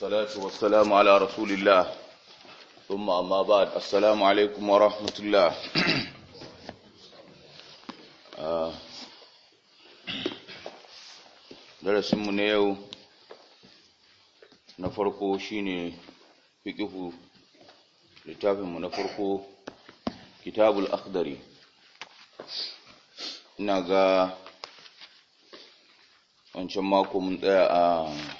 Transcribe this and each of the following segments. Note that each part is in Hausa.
والصلاة والسلام على رسول الله ثم أما بعد السلام عليكم ورحمة الله آه. درس من يو نفرقو شيني فقه كتاب من نفرقو كتاب الأخضري نغا wancan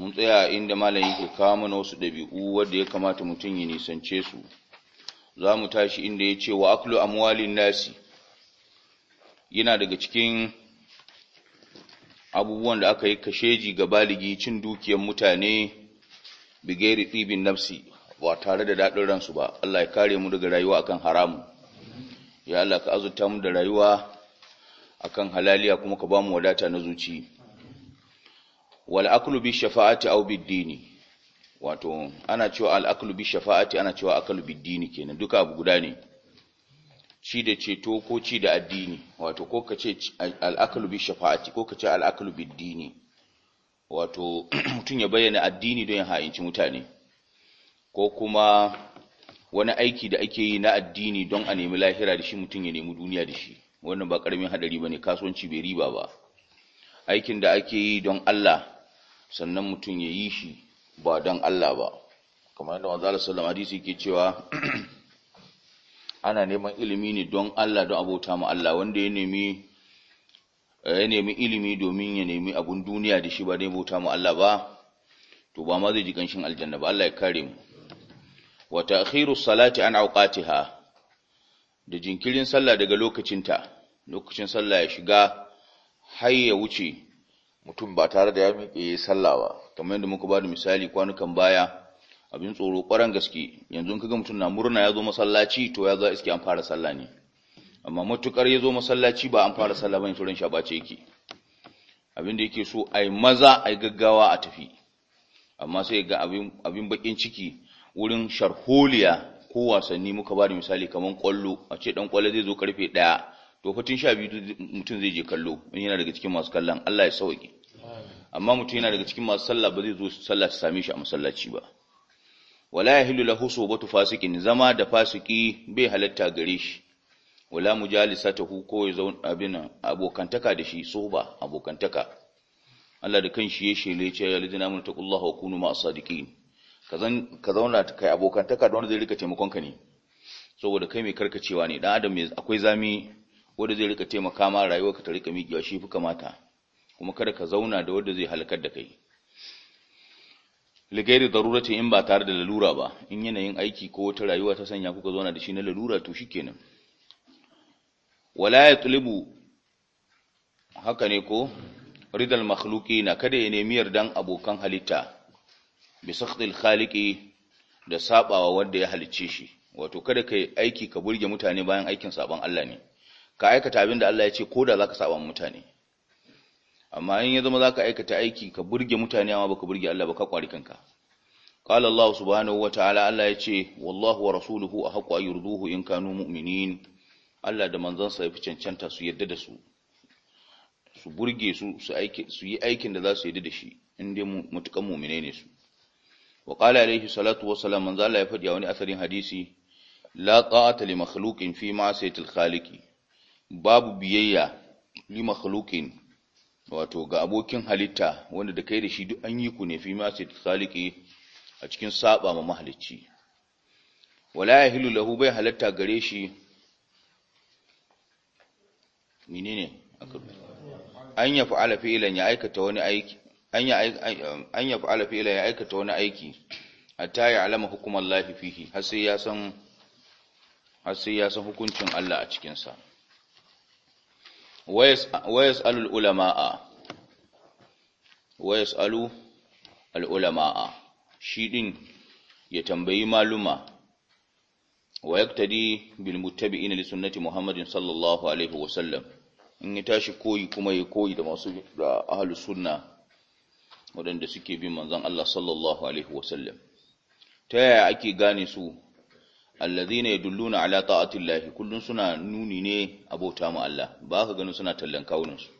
mun tsaya a inda malam yake kawo mana wasu ɗabi'u wanda ya kamata mutum ya nisance su za mu tashi inda ya ce wa aklu amwalin nasi yana daga cikin abubuwan da aka yi kasheji ga baligi cin dukiyar mutane bigeri ɗibin nafsi ba tare da daɗin ransu ba Allah ya kare mu daga rayuwa akan haramu ya Allah ka azurta mu da rayuwa akan halaliya kuma ka ba mu wadata na zuci wal aklu bi shafa'ati aw bid dini wato ana cewa al aklu bi shafa'ati ana cewa aklu bid dini kenan duka abu guda ne ci da ceto ko ci da addini wato ko kace al aklu bi shafa'ati ko kace al aklu bid dini wato mutum ya bayyana addini don ya ha'inci mutane ko kuma wani aiki da ake yi na addini don a nemi lahira da shi mutum ya nemi duniya da shi wannan ba karamin hadari bane kasuwanci bai riba ba aikin da ake yi don Allah sannan mutum ya yi shi ba don Allah ba kamar yadda wanzu sallama hadisi ke cewa ana neman ilimi ne don Allah don abota ma Allah wanda ya nemi eh, ilimi domin ya nemi abun duniya da shi ba dai abota mu Allah ba to ba ma zai ji ganshin aljanna ba Allah ya kare mu wa ta'khiru salati an awqatiha da jinkirin sallah daga lokacinta lokacin sallah ya shiga har ya wuce mutum ba tare da ya miƙe sallah ba kamar yadda muka bada misali kwanukan baya abin tsoro ƙwaran gaske yanzu ka ga mutum na murna ya zo masallaci to ya zo iske an fara sallah ne amma matukar ya zo masallaci ba an fara sallah bane to ran shabace yake abin da yake so ai maza ai gaggawa a tafi amma sai ga abin abin bakin ciki wurin sharholiya ko wasanni muka bada misali kamar kwallo a ce dan kwallo zai zo karfe 1 to fatin sha biyu mutum zai je kallo in yana daga cikin masu kallon Allah ya sauke amma mutum yana daga cikin masu sallah ba zai zo sallah ta same shi a masallaci ba wala yahillu lahu suhbatu fasikin zama da fasiki bai halatta gare shi wala mujalisatuhu ko ya zauna abin abokantaka da shi Soba abokantaka Allah da kanshi ya shele ce ya lidina mun taqullaha wa kunu ma'as sadiqin ka zauna kai abokantaka da wanda zai rika taimakon ka ne saboda kai mai karkacewa ne dan adam akwai zami wanda zai rika taimaka ma rayuwarka ta rika miƙewa shi fi kamata kuma kada ka zauna da wanda zai halakar da kai ligairi darurati in ba tare da lalura ba in yanayin aiki ko wata rayuwa ta sanya kuka zauna da shi na lalura to shikenan wala yatlubu haka ne ko ridal na kada ya nemi yardan abokan halitta bi sakhtil khaliqi da sabawa wanda ya halicce shi wato kada kai aiki ka burge mutane bayan aikin sabon Allah ne ka aikata abin da Allah ya ce ko da za ka saba mutane amma in ya zama za ka aikata aiki ka burge mutane amma ka burge Allah ba ka kwari kanka qala Allah subhanahu wa ta'ala Allah ya ce wallahu wa rasuluhu ahqqu an yurduhu in kanu mu'minin Allah da manzansa ya fi cancanta su yadda da su su burge su su yi aikin da za su yadda da shi in dai mutukan mu'mine ne su wa qala alaihi salatu wa salam manzo Allah ya faɗi a wani asarin hadisi la ta'ata li makhluqin fi ma'siyatil khaliqi babu biyayya li makhluqin wato ga abokin halitta wanda da kai da shi duk an yi ku ne fi sai saliki a cikin saba ma mahalicci wala yahilu lahu bai halatta gare shi menene an ya fa'ala fi'lan ya aikata wani aiki an ya an ya fa'ala fi'lan ya aikata wani aiki fihi har sai ya san har sai ya san hukuncin Allah a cikin sa wayas alul shi ɗin ya tambayi maluma wa yaktadi bil muttabi'ina li sunnati muhammadin sallallahu alaihi wasallam in ya tashi koyi kuma ya koyi da masu da sunna waɗanda suke bin manzon Allah sallallahu alaihi ta yaya ake gane su alladhina yadulluna ala llahi kullun suna nuni ne abota mu Allah ba ka ganin suna tallan kawunan su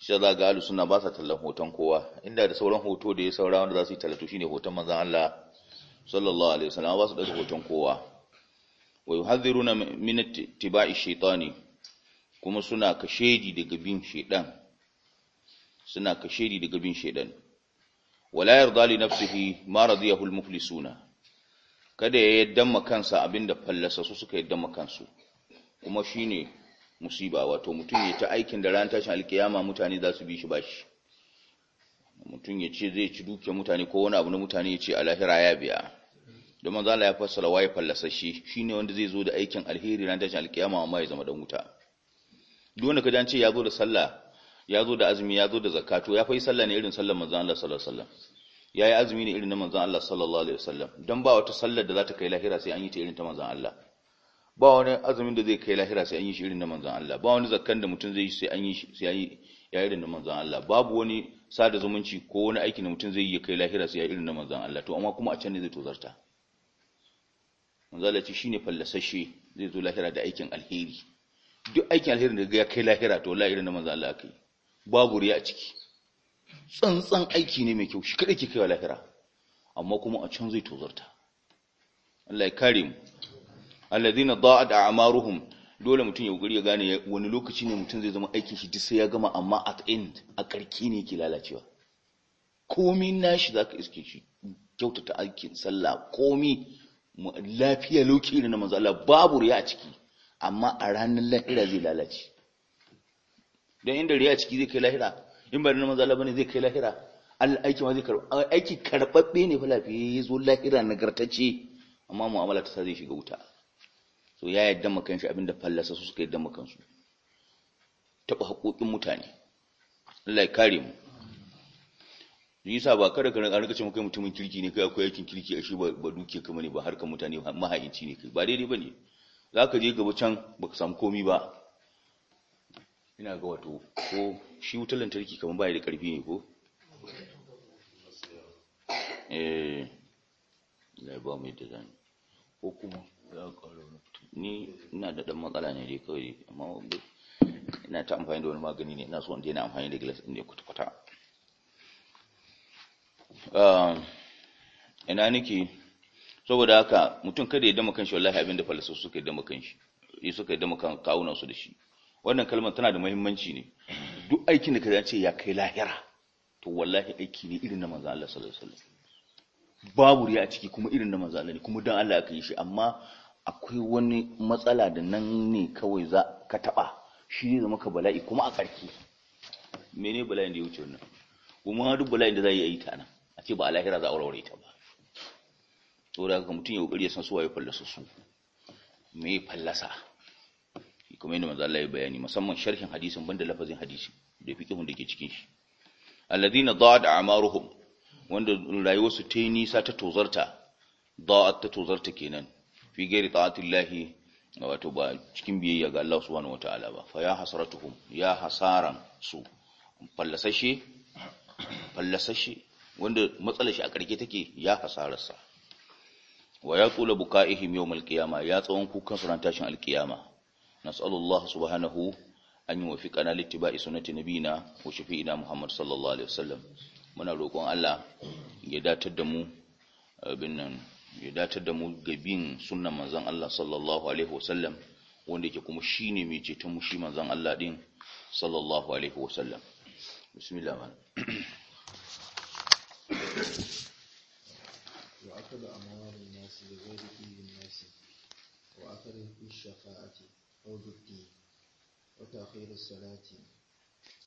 shi za ga alu suna ba sa tallan hoton kowa inda da sauran hoto da ya saura wanda za su yi tallatu shine hoton manzon Allah sallallahu alaihi wasallam ba su da hoton kowa wa yuhadhiruna min ittiba'i shaytani kuma suna kashedi daga bin shaydan suna kashedi daga bin shaydan wala yarda li nafsihi ma radiyahu al-muflisuna kada ya yaddan makansa abinda fallasa su suka yaddan makansu kuma shine musiba wato mutum ya ta aikin da ran tashin alkiyama mutane za su bi shi bashi mutum ya ce zai ci duke mutane ko wani abu na mutane ya ce lahira ya biya don manzo Allah ya fassara shi. Shi shine wanda zai zo da aikin alheri ran tashin alkiyama amma ya zama dan wuta duk wanda kaje an ce ya zo da sallah ya zo da azumi ya zo da zakato ya fa yi sallah ne irin sallar manzo Allah sallallahu alaihi wasallam ya yi azumi ne irin na manzan Allah sallallahu alaihi wasallam don ba wata sallar da za ta kai lahira sai an yi ta irin ta manzan Allah ba wani azumin da zai kai lahira sai an yi shi irin na manzan Allah ba wani zakkan da mutum zai yi sai an yi sai ya irin na manzan Allah babu wani sada zumunci ko wani aiki da mutum zai yi kai lahira sai ya irin na manzan Allah to amma kuma a can ne zai tozarta manzan Allah ce shine fallasashe zai zo lahira da aikin alheri duk aikin alherin da ya kai lahira to la irin na manzan Allah akai babu riya a ciki tsantsan aiki ne mai kyau shi kaɗai ke kai wa lahira amma kuma a can zai tozarta Allah ya kare mu alladhina da'at a'maruhum dole mutum ya gari ya gane wani lokaci ne mutum zai zama aikin shi duk sai ya gama amma at end a karki ne ke lalacewa komi nashi zaka iske shi kyautata aikin sallah komi lafiya ne na manzo Allah babu riya a ciki amma a ranar lahira zai lalace dan inda riya a ciki zai kai lahira in bari na maza laba ne zai kai lahira Allah aiki ma zai karba aiki karbabbe ne fa Ya yazo lahira nagartacce amma mu'amala ta zai shiga wuta so ya yadda makan shi abinda fallasa su suka yadda makan su taba haƙoƙin mutane Allah ya kare mu yasa ba kada ka rinka ce kai mutumin kirki ne kai akwai aikin kirki ashe ba ba duke kuma ne ba harkan mutane mahaici ne kai ba daidai bane zaka je gaba can baka samu komi ba ina ga wato ko shi wutar lantarki kamar baya da karfi ne ko eh ya ba mu da ko kuma ni ina da dan matsala ne dai kawai amma ina ta amfani da wani magani ne ina so in daina amfani da gilas ɗin ne kwata-kwata ah, ina nake saboda haka mutum kada ya dama kanshi wallahi abinda da falasafu suka yi dama shi suka yi dama kawunan su da shi wannan kalmar tana da muhimmanci ne duk aikin da ka ce ya kai lahira to wallahi aiki ne irin na manzon Allah sallallahu alaihi wasallam babu riya a ciki kuma irin na manzon Allah ne kuma dan Allah aka yi shi amma akwai wani matsala da nan ne kawai za ka taba shi ne zama ka bala'i kuma a karki mene bala'in da ya wuce wannan kuma duk bala'in da za yi ta nan a ce ba a lahira za a aure ta ba saboda haka mutum ya kokari ya san su waye fallasa su me fallasa kuma yadda manzo Allah ya bayani musamman sharhin hadisin banda lafazin hadisi da fiqhun da ke cikin shi alladhina da'at a'maruhum wanda rayuwar su ta nisa ta tozarta da'at ta tozarta kenan fi ghairi ta'atillahi wato ba cikin biyayya ga Allah subhanahu wataala ba fa ya hasratuhum ya hasaran su fallasashe fallasashe wanda matsalar shi a karke take ya hasararsa wa ya tsula buka'ihim yawmal qiyama ya tsawon kukan suran tashin alqiyama نسأل الله سبحانه أن يوفقنا لاتباع سنة نبينا وشفينا محمد صلى الله عليه وسلم muna roƙon Allah ya datar da mu abin ya datar da mu ga bin sunnan manzon Allah sallallahu alaihi wasallam wanda yake kuma shine mai ceton mu shi manzon Allah din sallallahu alaihi الناس بغير الناس وأخذ الشفاعة وضوئي وتأخير الصلاة